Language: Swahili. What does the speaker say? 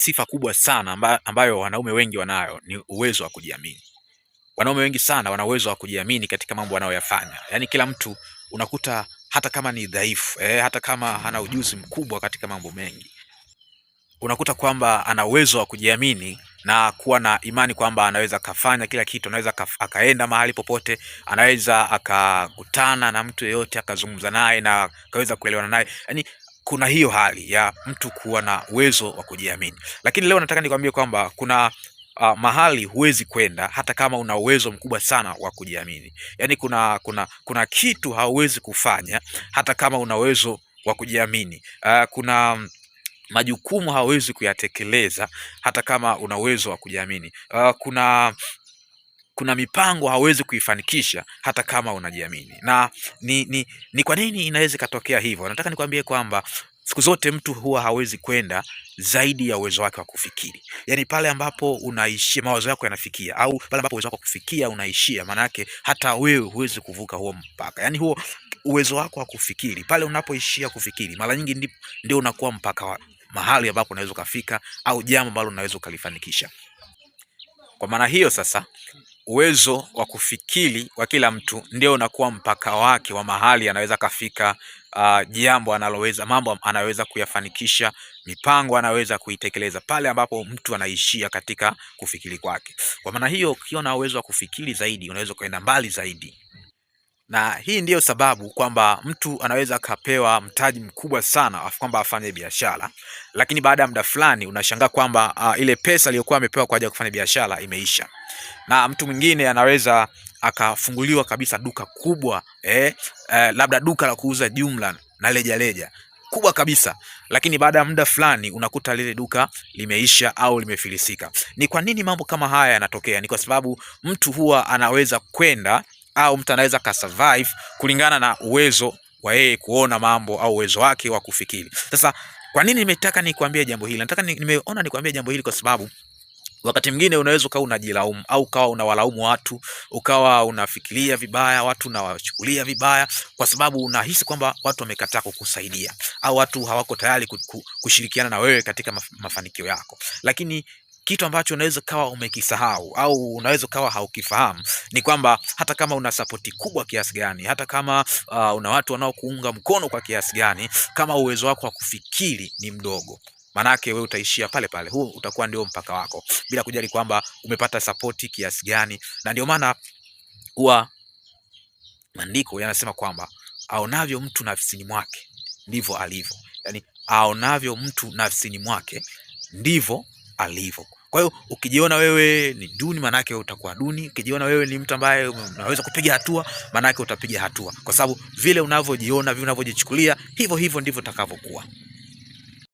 sifa kubwa sana ambayo wanaume wengi wanayo ni uwezo wa kujiamini. Wanaume wengi sana wana uwezo wa kujiamini katika mambo wanayoyafanya. Yaani kila mtu unakuta hata kama ni dhaifu eh, hata kama hana ujuzi mkubwa katika mambo mengi, unakuta kwamba ana uwezo wa kujiamini na kuwa na imani kwamba anaweza akafanya kila kitu, anaweza akaenda mahali popote, anaweza akakutana na mtu yeyote akazungumza naye na akaweza kuelewana naye. Yaani kuna hiyo hali ya mtu kuwa na uwezo wa kujiamini, lakini leo nataka nikwambie kwamba kuna Uh, mahali huwezi kwenda hata kama una uwezo mkubwa sana wa kujiamini. Yaani kuna kuna kuna kitu hauwezi kufanya hata kama una uwezo wa kujiamini. Uh, kuna majukumu hauwezi kuyatekeleza hata kama una uwezo wa kujiamini. Uh, kuna kuna mipango hawezi kuifanikisha hata kama unajiamini na ni, ni, ni kwa nini inaweza ikatokea hivyo nataka nikwambie kwamba siku zote mtu huwa hawezi kwenda zaidi ya uwezo wake wa kufikiri. Yaani pale ambapo unaishia mawazo yako yanafikia au pale ambapo uwezo wako wa kufikia unaishia, maana yake hata wewe huwezi kuvuka huo mpaka. Yaani huo uwezo wako wa kufikiri, pale unapoishia kufikiri, mara nyingi ndio unakuwa mpaka wa mahali ambapo unaweza ukafika au jambo ambalo unaweza ukalifanikisha. Kwa maana hiyo sasa uwezo wa kufikiri wa kila mtu ndio unakuwa mpaka wake wa mahali anaweza kafika, uh, jambo analoweza, mambo anaweza kuyafanikisha, mipango anaweza kuitekeleza, pale ambapo mtu anaishia katika kufikiri kwake. Kwa maana hiyo, ukiona na uwezo wa kufikiri zaidi, unaweza ukaenda mbali zaidi na hii ndiyo sababu kwamba mtu anaweza akapewa mtaji mkubwa sana afu kwamba afanye biashara, lakini baada ya muda fulani unashangaa kwamba uh, ile pesa aliyokuwa amepewa kwa ajili ya kufanya biashara imeisha. Na mtu mwingine anaweza akafunguliwa kabisa duka kubwa eh, eh, labda duka la kuuza jumla na rejareja kubwa kabisa, lakini baada ya muda fulani unakuta lile duka limeisha au limefilisika. Ni kwa nini mambo kama haya yanatokea? Ni kwa sababu mtu huwa anaweza kwenda au mtu anaweza survive kulingana na uwezo wa yeye kuona mambo au uwezo wake wa kufikiri. Sasa kwa nini nimetaka nikuambie jambo hili? Nataka ni, nimeona nikuambie jambo hili kwa sababu wakati mwingine unaweza ukawa unajilaumu au ukawa unawalaumu watu, ukawa unafikiria vibaya watu, unawachukulia vibaya kwa sababu unahisi kwamba watu wamekataa kukusaidia au watu hawako tayari kushirikiana na wewe katika mafanikio yako, lakini kitu ambacho unaweza ukawa umekisahau au unaweza ukawa haukifahamu ni kwamba hata kama una sapoti kubwa kiasi gani, hata kama uh, una watu wanaokuunga mkono kwa kiasi gani, kama uwezo wako wa kufikiri ni mdogo manake wewe utaishia pale pale. Huu utakuwa ndio mpaka wako, bila kujali kwamba umepata sapoti kiasi gani. Na ndio maana huwa maandiko yanasema kwamba aonavyo mtu nafsini mwake ndivyo alivyo, yani aonavyo mtu nafsini mwake ndivyo alivyo. Kwa hiyo ukijiona wewe ni duni, maana yake utakuwa duni. Ukijiona wewe ni mtu ambaye unaweza kupiga hatua, yake utapiga hatua, kwa sababu vile unavyojiona, vile unavyojichukulia, hivyo hivyo ndivyo utakavyokuwa.